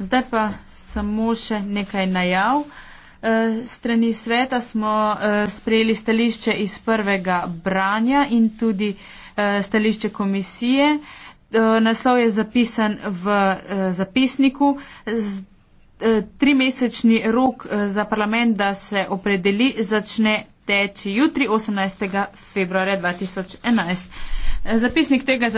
Zdaj pa samo še nekaj najav. Eh, strani sveta smo eh, sprejeli stališče iz prvega branja in tudi eh, stališče komisije. Naslov je zapisan v zapisniku. Trimesečni rok za parlament, da se opredeli, začne teči jutri 18. februarja 2011. Zapisnik tega zasedanja.